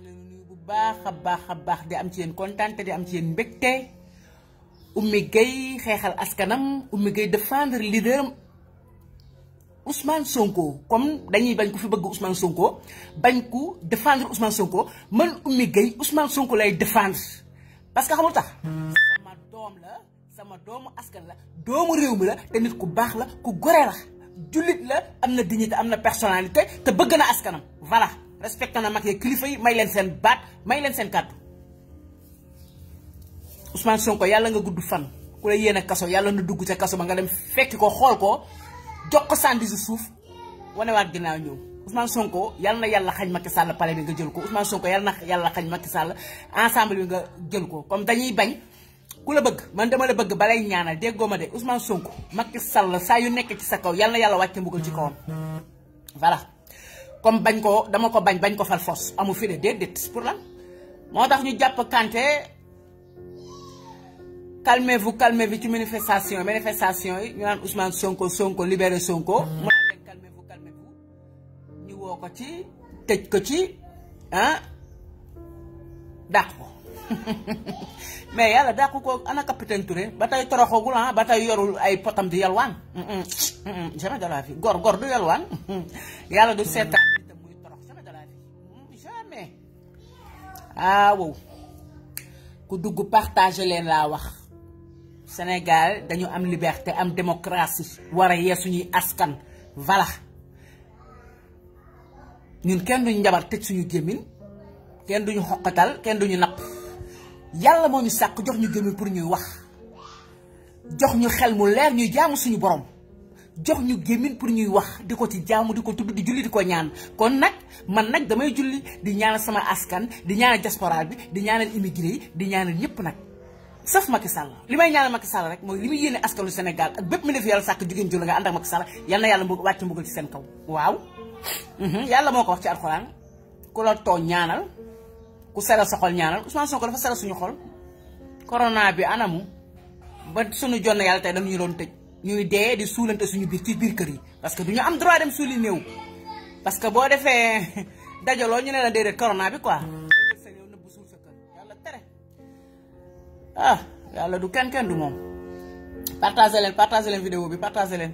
maa ngi bu baax a baax a baax di am ci yéen kontaan te di am ci yéen mbégte Oumy Gueye xeexal askanam Oumy Gueye défendre leader Ousmane Sonko comme dañuy bañ ko fi bëgg Ousmane Sonko bañ ko défendre Ousmane Sonko mën Oumy Gueye Ousmane Sonko lay défendre parce que xamul tax sama doom la sama doomu askan la doomu réew mi la te nit ku baax la ku gore la jullit la am na dignité am na personnalité te bëgg na askanam voilà respecté na mag yi kilifa yi may leen seen baat may leen seen kàddu Ousmane Sonko yàlla nga gudd fan ku la yéene kaso yàlla na dugg ca kaso ba nga dem fekki ko xool ko jox ko sandi si suuf wanewaat ginnaaw ñëw Ousmane Sonko yàlla na yàlla xañ Macky Sall palais bi nga jël ko Ousmane Sonko yàlla na yàlla xañ Macky Sall ensemble bi nga jël ko comme dañuy bañ ku la bëgg man dama la bëgg balay ñaanal déggoo ma de Ousmane Sonko Macky Sall saa yu nekk ci sa kaw yàlla na yàlla wàcce mbugal ci kawam voilà. comme Banco, ko dama ko bañ bañ ko fal force fi de déedéet pour lan Moi, tax ñu jàpp canté. calmez-vous calmez-vous manifestation manifestation il ñu a Ousmane Sonko Sonko libéré Sonko. moi mm. calmez-vous calmez-vous ñu woo ko ci tëj ko ci ah mais il y a ana capitaine Touré bataille tey bataille ah ba yorul ay potam di yalwaan jamais de la vie gor gor du yalwaan yàlla du seetaan. ah oui, vous le partage leen Sénégal dañu am liberté am démocratie war a yee nous askan voilà ñun kenn duñu njabar Nous suñu gémmiñ kenn sur les kenn nous nous des une ñu jox nous gémmiñ pour ñuy wax jox ñu xel mu leer ce suñu borom jox ñu gemine pour ñuy wax diko ci jaamu diko tuddu di julli diko ñaan kon nak man nak damay julli di ñaanal sama askan di ñaanal diaspora bi di ñaanal immigré di ñaanal ñepp nak saf Macky Sall limay ñaanal Macky Sall rek moy limay yene askanu Sénégal ak bëpp mi yalla sak jigen sàkk nga and ak Macky Sall yalla na mbug wacc mbugal ci seen kaw waaw hmm yalla moko wax ci alcorane ku la to ñaanal ku seral sa xol ñaanal Ousmane Sonko dafa seral suñu xol corona bi anamu ba suñu jonne yalla tay dañu ñu doon ñuy dee di suulante suñu biir ci biir kër yi parce que duñu am droit dem suuli néew parce que boo defee dajaloo ñu ne la déedéet corona bi quoi ah yàlla du kenn kenn du moom partagez leen partagez leen vidéo bi partagez leen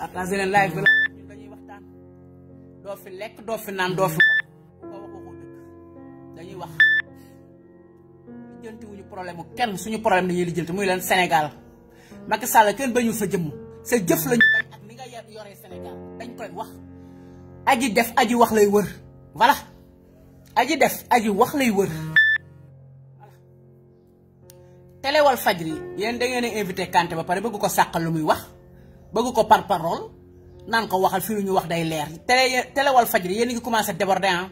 partagez leen live bi la dañuy waxtaan doo fi lekk doo fi naan doo fi wax ko waxoo dëgg dañuy wax lijjanti wuñu problème kenn suñu problème dañuy lijjanti muy leen Sénégal Macky Sall kenn bañul sa jëmm sa jëf lañu bañ ak ni nga yoree Sénégal dañ koy wax aji def aji wax lay wër voilà aji def aji wax lay wër voilà télé wal fajri yéen da ngeen a invité Kanté ba pare bëgg ko sàqal lu muy wax bëgg ko par parole naan ko waxal fi lu ñu wax day leer télé telewal faj fajri yéen ngi commencé déborder ah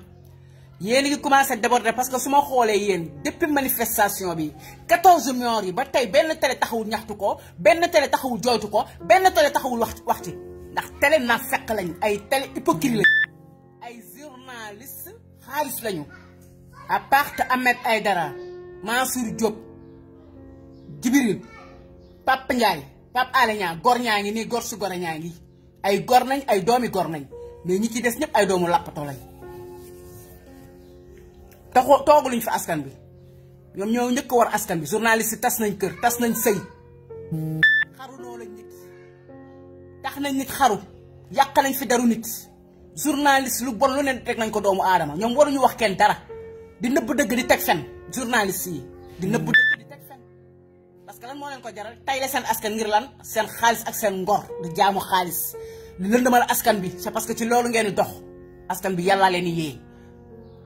yéen ngi commencé déborder parce que su ma xoolee yéen depuis manifestation bi 14 millions yi ba tey benn télé taxawul ñaxtu ko benn télé taxawul jooytu ko benn télé taxawul wax wax ci ndax télé na fekk lañu ay télé hypocrite lañu ay journaliste xaalis lañu à part Ahmed Aïdara Mansour Diop Djibril Pape Ndiaye Pape Alé Niang gor ñaa ngi nii gor su gor ñaa ngi ay gor nañ ay doomi gor nañ mais ñi ci des ñëpp ay doomu làppatoo lañ togu luñ fi askan bi ñom ñoo ñëk war askan bi journaliste tas nañ kër tas nañ sey xaru no la nit tax nañ nit xaru yak nañ fi daru nit journaliste lu bon lu neen tek nañ ko doomu ñom waru ñu wax kenn dara di neub deug di tek fen journaliste yi di neub deug di tek fen parce que lan mo leen ko jaral tay la seen askan ngir lan seen xaalis ak seen ngor du jaamu xaalis di lëndëmal askan bi c'est parce que ci lolu ngeen dox askan bi yalla leen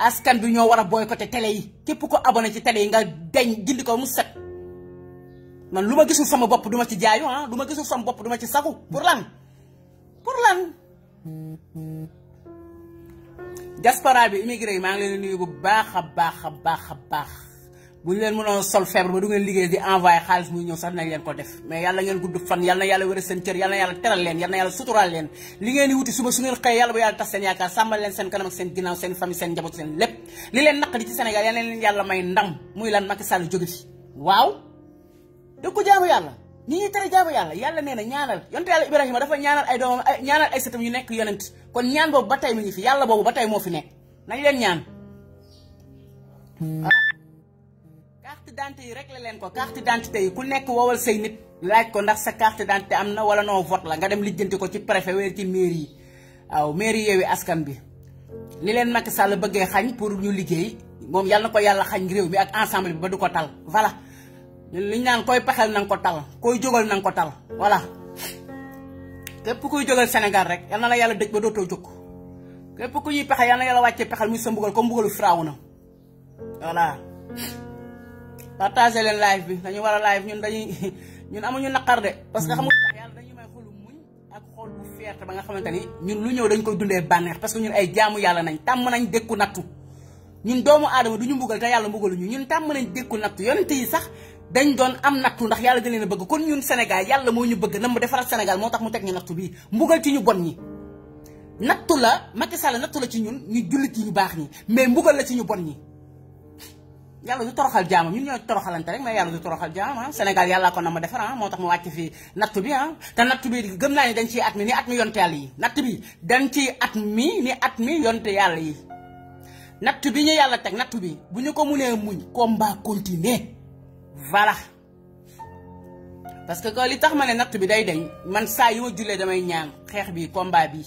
askan bi ñoo war a booy boycotté télé yi képp ko abonné ci télé yi nga deñ gindi ko mu set man lu ma gisul sama bopp du ci jaayu ah lu ma gisul sama bopp du ma ci sagu pour lan pour lan diaspora bi immigré yi maa ngi leen nuyu bu baax a baax a baax a baax bu ñu leen mënoon sol feebar ba du ngeen liggéey di envoyé xaalis muy ñëw sax nañ leen ko def mais yàlla ngeen gudd fan yàlla na yàlla wéral seen cër yàlla na yàlla teral leen yàlla na yàlla suturaal leen li ngeen di wuti suba su ngeen xëyee yàlla bu yàlla tax seen yaakaar sàmmal leen seen kanam seen ginnaaw seen famille seen njaboot seen lépp li leen naq di ci Sénégal yàlla may ndam muy lan Macky Sall jóge waaw da jaamu yàlla ñi ñuy tere jaamu yàlla yàlla nee na ñaanal yonte yàlla dafa ñaanal ay nekk yonent kon ñaan boobu ba tey mi ngi fi yàlla boobu ba tey moo fi nekk nañ leen ñaan d'identité yi réglé leen ko carte d'identité yi ku nekk wowal say nit laaj ko ndax sa carte d'identité am na wala non vote la nga dem lijjanti ko ci préfet weer ci mairie yi waaw mairie yeewi askan bi ni leen Macky Sall bëggee xañ pour ñu liggéey moom yàlla na ko yàlla xañ réew mi ak ensemble bi ba du ko tal li ñu naan koy pexeel na nga ko tal koy jógal nan ko tal voilà képp kuy jógal Sénégal rek yal na la yàlla dëj ba dootoo jóg képp ku ñuy pexe yal na yàlla wàccee pexeel muy sa mbugal comme mbugalu na partagé leen live bi dañu war a live ñun dañuy ñun amuñu naqar de parce que xam nga yàlla dañu may xolu muñ ak xol bu fierté ba nga xamante ni ñun lu ñëw dañ koy dundee bànneex parce que ñun ay jaamu yàlla nañ tàmm nañ dékku nattu ñun doomu aadama du ñu mbugal te yàlla mbugaluñu ñun tàmm nañ dékku nattu yonent yi sax dañ doon am nattu ndax yàlla da leen a bëgg kon ñun Sénégal yàlla moo ñu bëgg na mu defaral Sénégal moo tax mu teg ñu nattu bii mbugal ci ñu bon ñi nattu la Macky Sall nattu ci ñun ñu jullit yi ñu baax ñi mais mbugal la ci ñu ñi yalla du toroxal jaamam ñun ñooy toroxalante rek mais yalla du toroxal jaamam ah. senegal yalla ko na ma defar ah moo tax mu wacc fi natt bi ha ah. ta natt bi gëm na ni dañ ci at mi ni at mi yonte yalla yi natt bi dañ ci at mi ni at mi yonte yalla yi natt bi ñu yalla tek natt bi bu ñu ko mune muñ combat continue voilà parce que ko li tax mané bi day dañ man sa yu julé damay ñaan xex bi combat bi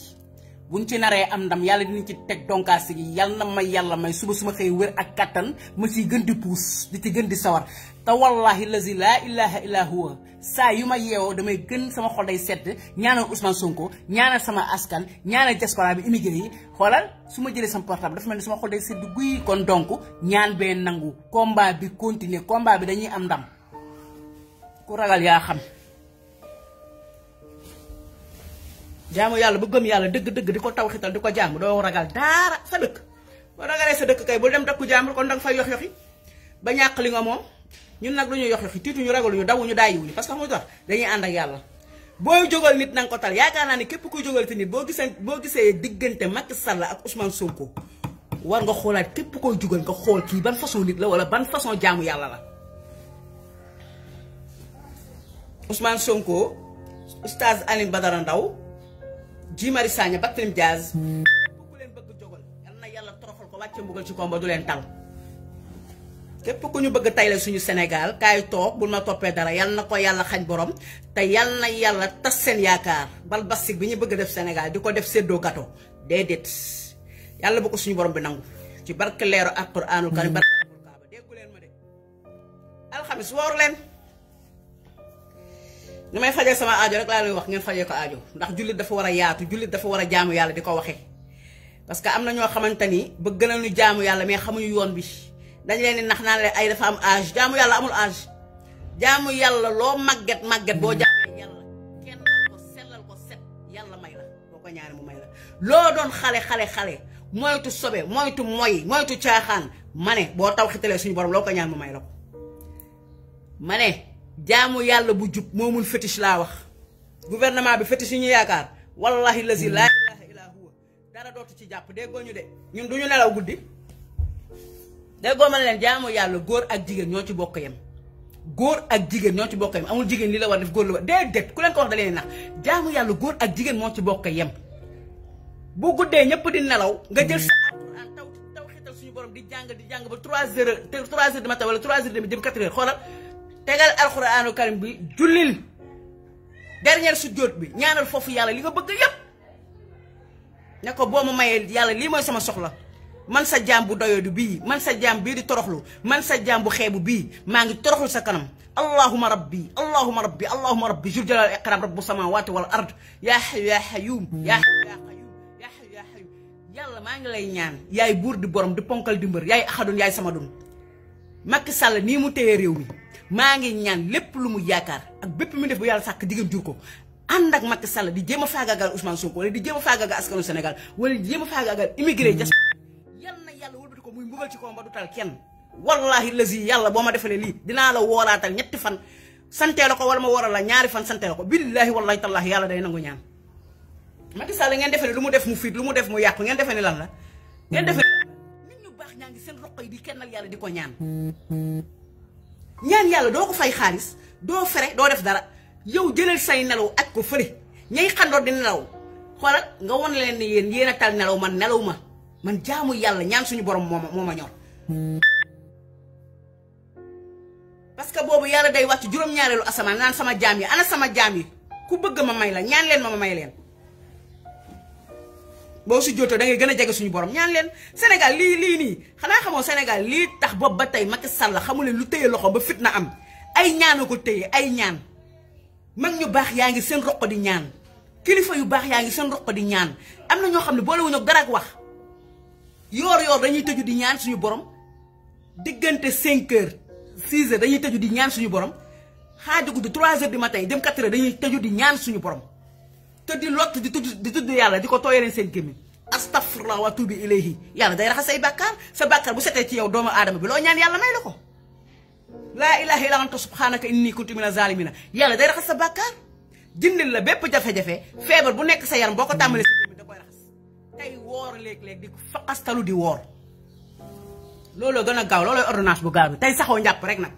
bu buñ ci naree am ndam yàlla dinañ ci teg donkaas yi yàlla na may yàlla may suba suma xëy wér ak kattan ma ciy gën di puus di ci gën di sawar te wallahi lazi laa ilaha illa huwa saa yu ma yeewoo damay gën sama xol day sedd ñaanal Ousmane Sonko ñaanal sama askan ñaanal diaspora bi immigré yi xoolal su ma jëlee sama portable dafa mel ni sama xol day sedd guy kon donc ñaan bee nangu komba bi continuer combat bi dañuy am ndam ku ragal yaa xam jaamu yalla bu gëm yalla deug deug di tawxital diko xital di jaamu ragal dara sa dekk boo ragalee sa dekk kay bu dem takku jaamur kon dang fay yox yoxi ba ñak li nga moom ñun nak luñu yox yoxi tiituñu ragaluñu dawuñu daayiwuñu parce que xamuñu tax dañuy and ak yalla booy jogal nit nang ko tal yaakaar naa ni kep ku jogal te nit boo gisee boo gisee Macky Sall ak Ousmane Sonko war nga xoolaat kep koy jogal nga xol ki ban façon nit la wala ban façon jaamu yalla la Ousmane Sonko oustaz Aline Badara Ndaw Guy sanya Sagna film Jazz. ku len bëgg jógal yalla na yàlla toroxal ko wacce mbugal ci komba du len tal kep ku ñu bëgg tayle suñu Sénégal kay tok bu ma topé dara yalla na ko Yalla xañ borom te yalla na yàlla tas seen bal basik bi ñu bëgg def Sénégal diko def seddo gato dedet yalla bu ko suñu borom bi nang ci barke leeru alquranul karim barke déggu len ma de alxamis wooru len ni may sama aajo rek la lay wax ngeen fajee ko aajo ndax julit dafa wara yaatu julit dafa wara jaamu yalla diko ko parce que amna na ñoo xamante na ñu jaamu yalla mais xamuñu yoon bi dañ leen ni nax naan lay ay dafa am aaj jaamu yalla amul aaj jaamu yalla lo magget magget bo jaamee yalla kenn ko selal ko set yalla may la boko ko ñaari mu may la lo doon xale xale xale moytu sobe moytu moy moytu caaxaan mané bo boo suñu borom loko ñaan mu may la mané jaamu yàlla bu jub moomul mun fétiche laa wax gouvernement bi fétiche yi ñu yaakaar wallahi lazi laa ilaha illa huwa dara dootu ci jàpp déggoo ñu de ñun du ñu nelaw guddi déggoo ma leen jaamu yàlla góor ak jigéen ñoo ci bokk yem góor ak jigéen ñoo ci bokk yem amul jigéen li la war def góor la war déedéet ku leen ko wax da leen jaamu yàlla góor ak jigéen moo ci bokk yem bu guddee ñëpp di nelaw nga jël sa alquran taw taw xital suñu borom di jàng di jàng ba 3 heures 3 tegal alxuraanu karim bi jullil dernier sujjóot bi ñaanal foofu yàlla li nga bëgg yépp nekko boo ma mayee yàlla lii mooy sama soxla man sa jaam bu doyoodu bii man sa jaam bii di toroxlu man sa jaam bu xeebu bii maa ngi toroxlu sa kanam allahuma rabbi allahuma rabbi allahuma rabbi jur jalal iqram rabbu samawati wal ard yaa xayu yaa xayum yaa xayu yaa xayum yaa xayu yaa xayum yàlla maa ngi lay ñaan yaay buur di borom di ponkal di mbër yaay yaay sama dun Macky Sall nii mu téye réew mi maa ngi ñaan lépp lu mu yaakaar ak bépp mu def bu yàlla sa sàkk jigéen jur ko ànd ak Macky Sall di jéem a faagaagal Ousmane Sonko wala di jéem a faagaagal askanu Sénégal wala di jéem a faagaagal immigré diaspora yal na yàlla wëlbati ko muy mbugal ci kawam ba du tal kenn wallahi lazi yàlla boo ma defalee lii dinaa la wooraatal ñetti fan santee la ko wala ma wooral la ñaari fan santee la ko billaahi wallahi tallaahi yàlla day nangu ñaan Macky Sall ngeen defee ne lu mu def mu fiit lu mu def mu yàqu ngeen defe ne lan la ngeen defee nit ñu baax ñaa ngi seen roqo yi di kennal yàlla di ko ñaan ñaan yàlla doo ko fay xaalis doo fere doo def dara yow jëlal say nelaw ak ko fële ñay xandoor di nelaw xoolal nga won leen ne yéen yéen a tal nelaw man nelaw ma man jaamu yàlla ñaan suñu borom moo ma moo ma ñor. parce que boobu yàlla day ci juróom-ñaareelu asamaan naan sama jaam yi ana sama jaam yi ku bëgg ma may la ñaan leen ma ma may leen. bo su jotto da ngay gëna jégg suñu borom ñaan leen Sénégal li li ni xana xamoo Sénégal li tax boobu ba tay makk Sall xamul lu teyé loxo ba fitna am ay ñaana ko téye ay ñaan mag ñu bax yaangi seen roq di ñaan kilifa yu bax yaangi seen roq di ñaan amna ño xamni bo la wuñu dara ak wax yor yor dañuy tëju di ñaan suñu borom diggante 5 h 6 h dañuy tëju di ñaan suñu borom xaaju guddi 3 h du matin dem 4 h dañuy tëju di ñaan suñu borom. te di lott di tudd di tudd yàlla di ko tooyaleen seen gémmiñ astafurlah wa bi ilayhi yàlla day raxas say bàkkaar sa bàkkaar bu setee ci yow doomu aadama bi loo ñaan yàlla may la ko laa ilaha illa anta subhanaka inni kuntu mina na yàlla day raxas sa bàkkaar jëndil la bépp jafe-jafe feebar bu nekk sa yaram boo ko tàmbalee sa gémmiñ da koy raxas tey woor léeg-léeg di faqastalu di woor looloo gën a gaaw loolooy ordonnance bu gaaw bi tey saxoo njàpp rek nag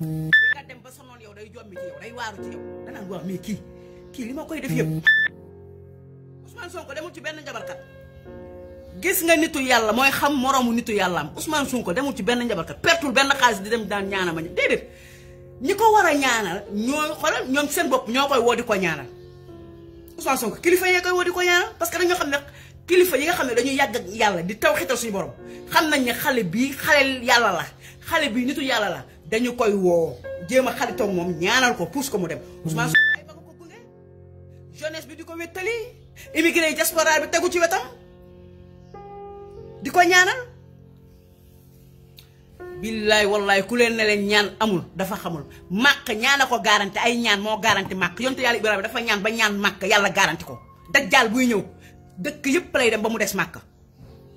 li dem ba sa noon yow day jommi ci yow kii li ma def yeb Ousmane Sonko demul ci benn njabarkat gis nga nitu yalla moy xam moromu nitu am Ousmane Sonko demul ci benn njabarkat pertul benn xaalis di dem daan ñaana ma déedéet ni ko wara ñaanal ñooy xolal ñom seen bop ñoo koy woo ko ñaanal Ousmane Sonko kilifa yee koy wodi ko ñaanal parce que dañu xam ne kilifa yi nga xam ne dañuy yag ak yalla di tawxita suñu borom xam nañ ni xale bi xale yalla la xale bi nitu yalla la dañu koy wo jema a xaritoog ñaanal ko pousse ko mu dem Ousmane Sonko jeunesse bi di ko wéttali yi diaspora bi tegu ci wetam di ko ñaanal billaay wallaay ku leen ne leen ñaan amul dafa xamul màkk ñaana ko gaaranti ay ñaan moo garanti màkk yonte yàlla Ibrahima dafa ñaan ba ñaan màkk yàlla garanti ko dajjaal buy ñëw dëkk yépp lay dem ba mu des màkk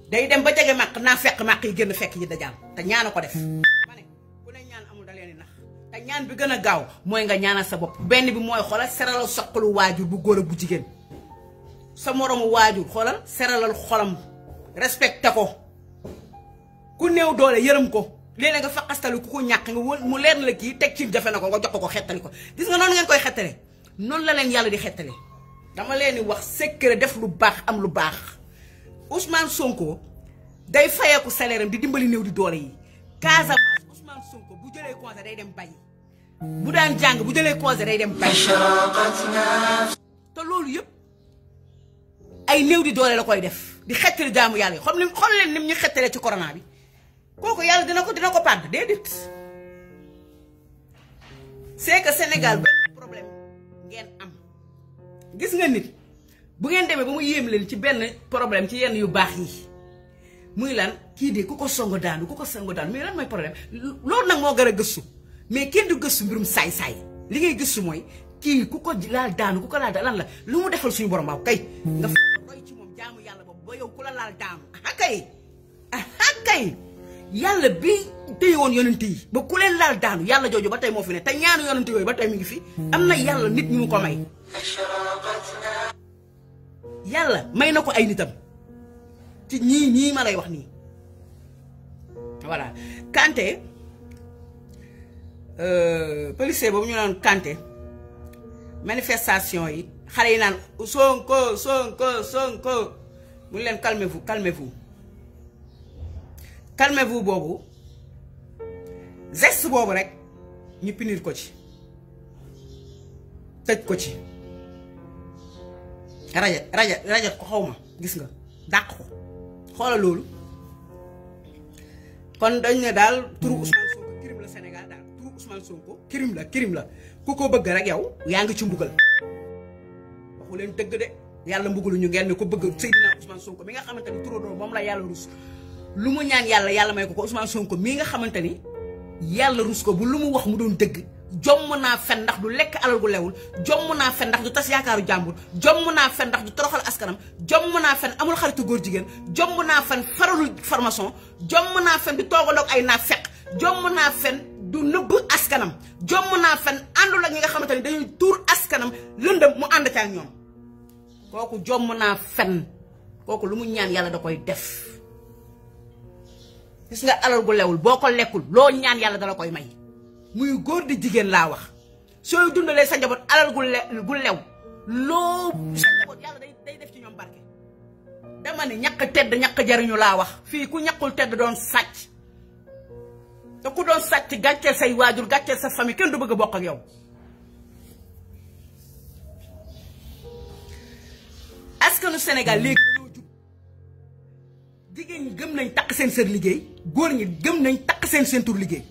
day dem ba jege màkk naa fekk màkk yi génn fekk yi dajjaal te ñaana ko def te ñaan bi gën a gaaw mooy nga ñaanal sa bopp benn bi mooy xoolal seralal soqalu waajur bu góora a bu jigéen sa moromu waajur xoolal seralal xoolam respecté ko ku néew doole yërëm ko léeg-léeg nga faqastali ku ko ñàkk nga mu leer la kii teg ci jafe na ko nga jox ko xettali ko gis nga noonu ngeen koy xettale noonu la leen yàlla di xettale dama leen di wax secret def lu baax am lu baax Ousmane Sonko day fayeeku seleeram di dimbali néew di doole yi Casamance Ousmane Sonko bu jëlee conseil day dem bay bu daan jàng bu jëlee conseil day dem bay te loolu yëpp ay néew di doole la koy def di xettali jaamu yàlla yi xam ni xool leen nim ñu xettalee ci corona bi kooku yàlla dina ko dina ko pàdd déedéet c'est que Sénégal benn problème ngeen am gis nga nit bu ngeen demee ba mu yéem leen ci benn problème ci yenn yu baax yi muy lan kii de ku ko songo daanu ku ko songo daanu mais lan mooy problème loolu nag moo gën a gëstu mais kenn du gëstu mbirum saay-saay li ngay gëstu mooy kii ku ko laal daanu ku ko laal lan la lu mu defal suñu borom baaw kay. nga roy ci moom jaamu yàlla boobu ba yow la laal daanu ah kay woon yonent yi ba ku leen laal daanu yàlla jooju ba tey moo fi ne te ñaanu yonent yooyu ba tey mi ngi fi am na yàlla nit ñu mu ko may. yàlla may na ko ay nitam ci ñii ñii ma lay wax nii voilà Kanté. Euh, policier boobu ñu naan Kanté manifestation yi xale yi naan Sonko Sonko Sonko mu leen calmez-vous calmez-vous calmez-vous boobu geste boobu rek ñu punir ko ci tëj ko ci rajat rajat rajat ko xaw ma gis nga dàq ko xoola loolu kon dañ ne daal turu Ousmane Sonko crime la crime la ku ko bëgg rek yow yaa ngi ci mbugal waxu leen dëgg de yàlla mbugalu ñu ngeen ne ko bëgg Seydina Ousmane Sonko mi nga xamante ni turóodoo moom la yàlla rus lu mu ñaan yàlla yàlla may ko ko Ousmane Sonko mi nga xamante ni yàlla rus ko bu lu mu wax mu doon dëgg jomm naa fen ndax du lekk alal gu lewul jomm naa fen ndax du tas yaakaaru jàmbur jomm naa fen ndax du toroxal askanam jomm naa fen amul xaritu góor jigéen jomm naa fen faralul formation jomm naa fen di toogandoog ay naafeq jomm naa fen du neub askanam jom na fen andul ak ñi nga xamanteni dañuy tour askanam lendeum mu and ca ak ñom koku jom na fen koku lu mu ñaan yalla da koy def gis nga alal gu lewul boko lekul lo ñaan yalla da la koy may muy goor di jigen la wax soy dundale sa jabot alal gu lew gu lew lo sa njaboot yàlla day day def ci ñom barke dama ni ñak tedd ñak jarignu la wax fi ku ñakul tedd doon sacc te ku doon sàcc gàcceel say waajur gàcceel sa famille kenn du bëgg a bokk ak yow. askanu Sénégal léegi dañoo jub jigéen ñi gëm nañ takk seen sër liggéey góor ñi gëm nañ takk seen seen liggéey.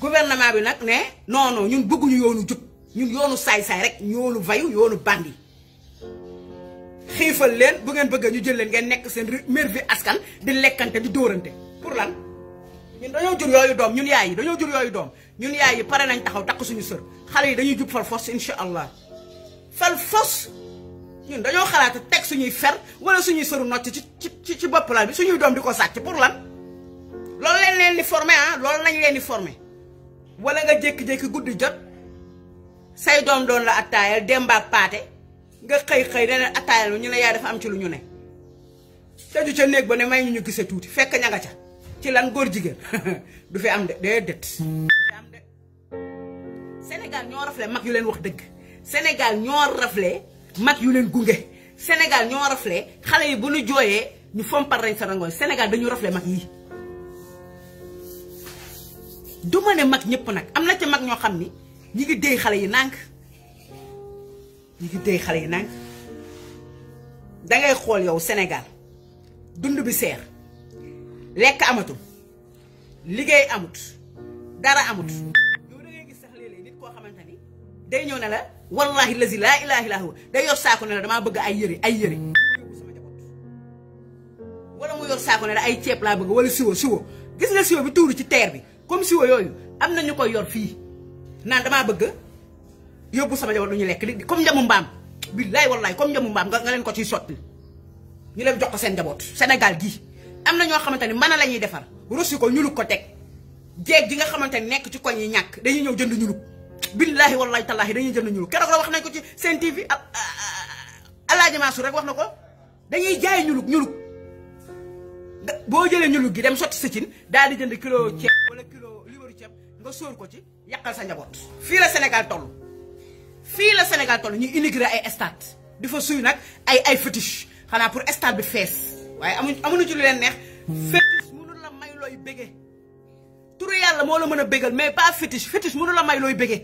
gouvernement bi nag ne non non ñun bëgguñu yoonu jub ñun yoonu saay-saay rek yoonu vayu yoonu bandi. xiifal leen bu ngeen bëgg ñu jël leen ngeen nekk seen merveille askan di lekkante di dóorante pour lan. ñun dañoo jur yooyu doom ñun yaay yi dañoo jur yooyu doom ñun yaay yi pare nañ taxaw takk suñu sër xale yi dañuy jub fal fos incha allah fal fos ñun dañoo xalaat teg suñuy fer wala suñuy sëru nocc ci ci ci bopp bi suñuy doom di ko sàcc pour lan loolu leen leen di formé ah loolu lañ leen di formé wala nga jékki-jékki guddi jot say doom doon la attaayal dembaak paate nga xëy xëy ne leen attaayal ñu ne yaa dafa am ci lu ñu ne. tëju ca néeg ba ne may ñu ñu gisee tuuti fekk ña nga ca. ci lan gor jigen du fi am de déedéet Senegal de Sénégal ñoo rafle mag yu len wax deug senegal ño raflé mak yu len gungé senegal ño raflé xalé yi bu ñu jooyee ñu fompal rañ sa rangoon senegal dañu raflé mak yi duma né mak ñepp nak amna ci mak ño xamni ñi ngi déy xalé yi nank ñi ngi déy xalé yi da ngay xol yow senegal dund bi seer lekk amatul liggéey amut dara amut yow da ngay gis sax léeg nit koo xamante ni day ñëw ne la wallahi lazi laa ilaaha illaa huwa day yor saako ne damaa bëgg ay yëre ay yëre wala mu yor saako ay ceeb laa bëgg wala siwo siwo gis nga siwo bi tuuru ci teer bi comme siwo yooyu am na ñu koy yor fii naan damaa bëgg yóbbu sama njaboot lu ñu lekk li comme njamu mbaam billaay wallaay comme njamu mbaam nga leen ko ciy sotti ñu leen jox ko seen njaboot Sénégal gii am na ñoo xamante ni mën a la ñuy defar rosi ko ñulug ko teg jeeg ji nga xamante ni nekk ci koñ yi ñàkk dañuy ñëw jënd ñulug billaahi wallaahi tallaahi dañuy jënd ñulug keroog la wax nañ ko ci seen TV ah, ah, Alaaji Mansour rek wax na ko dañuy jaay ñulug ñulug boo jëlee ñulug gi dem sotti sa cin daal di jënd kilo ceeb wala kilo libaru ceeb nga sóor ko ci yàqal sa njaboot fii la Sénégal toll fii la Sénégal toll ñu inauguré ay stade di fa suy nag ay ay fétiche xanaa pour stade bi fees waye amuñ amuñu ci lu len neex hmm. fetish munu la may loy bege turu yalla mo la meuna begal mais pas fetish fetish munu la may loy bege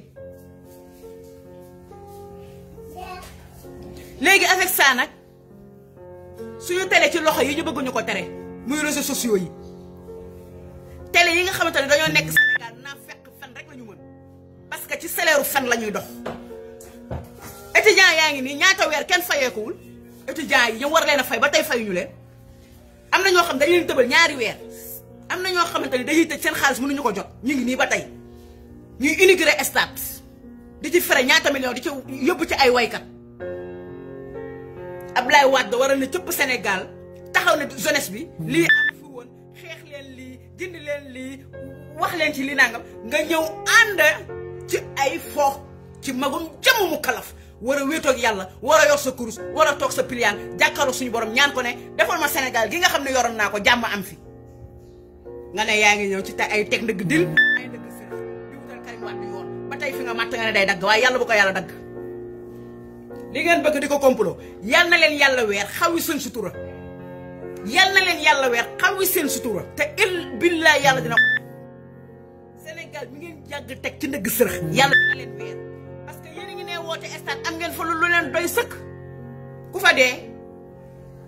léegi avec ça nak suñu télé ci loxo yi ñu bëgg ñuko téré muy réseaux sociaux yi télé yi nga xamante dañu nekk Sénégal na fekk fan rek lañu ñu parce que ci salaire fan lañuy dox étudiant yaa ngi nii ñaata weer kenn wul étudiant yi ñu war leen fay ba tey ñu leen am na ñoo xam dañ leen tëbal ñaari weer am na ñoo xamante ni dañuy tëj seen xaalis mënuñu ko jot ñu ngi nii ba tey ñuy inaugurer stade di ci fere ñaata million di ci yóbbu ci ay waykat Ablaye Wade war a ne cëpp Sénégal taxaw na jeunesse bi lii am fi woon xeex leen lii jënd leen lii wax leen ci li nangam nga ñëw ànd ci ay foox ci magum jëmm mu kalaf wara a wéetoog yalla wara a yor sa kurus wara a sa pilian jàkkaaroo suñu borom ñaan ko ne defal ma senegal gi nga xamne yoron nako jamm am fi nga ne yaangi ñew ci tay ay tek deug dil ay ndëgg sërëf di wutal Karim Wade yoon ba tay fi nga mat nga ne day dag way yalla bu ko yalla dag li ngeen bëgg diko complo yalla leen yalla wër xawi seen sutura yalla leen yalla wër xawi seen sutura te il billah yalla dina senegal mi ngeen jagg tek ci deug sërëx yalla leen wër woote stade am ngeen fa lu leen doy sëkk ku fa dee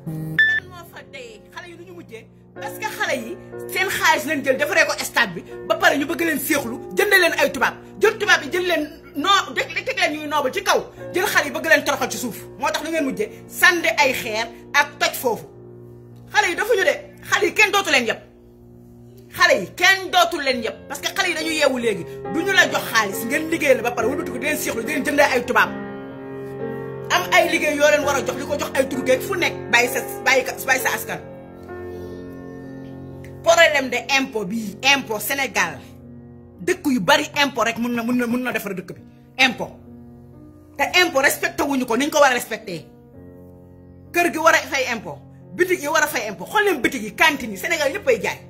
kan moo fa dee xale yi du ñu mujjee parce que xale yi seen xaalis leen jël defaree ko stade bi ba pare ñu bëgg leen séexlu jënd leen ay tubaab jël tubaab yi jël leen noo teg leen ñuy noobu ci kaw jël xale yi bëgg leen toroxal ci suuf moo tax lu ngeen mujjee sànni ay xeer ak toj foofu xale yi dafa ñu de xale yi kenn dootu leen xalé yi kenn dootul len yëpp parce que xalé yi dañu yewu legi duñu la jox xaalis ngeen liggéey la ba pare wëlbati ko di leen siixlu ay tubab am ay liggéey yo len wara jox liko jox ay geek fu nek bàyyi sa bàyyi bàyyi sa askan problème de impôt bi impôt Sénégal dekk yu bari impôt rek mën na mën na mun na defar dëkk bi impôt té impôt respecté wuñu ko niñ ko wara respecté kër gi wara fay impôt bitig yi wara fay impôt xol leen yi cantine yi Sénégal jaay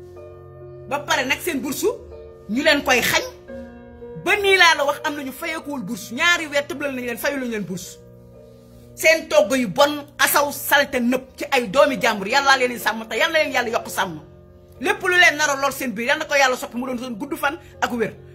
ba pare nag seen bourse ñu leen koy xañ ba nii laa la wax am nañu fayeekuwul bourse ñaari weer tëblal nañu leen fayuluñu leen bourse seen togg yu bon asaw salte nëpp ci ay doomi jàmbur yàllaa leen di sàmm te yàlla leen yàlla yokk sàmm lépp lu leen a lor seen biir yal na ko yàlla soppi mu doon seen gudd fan ak wér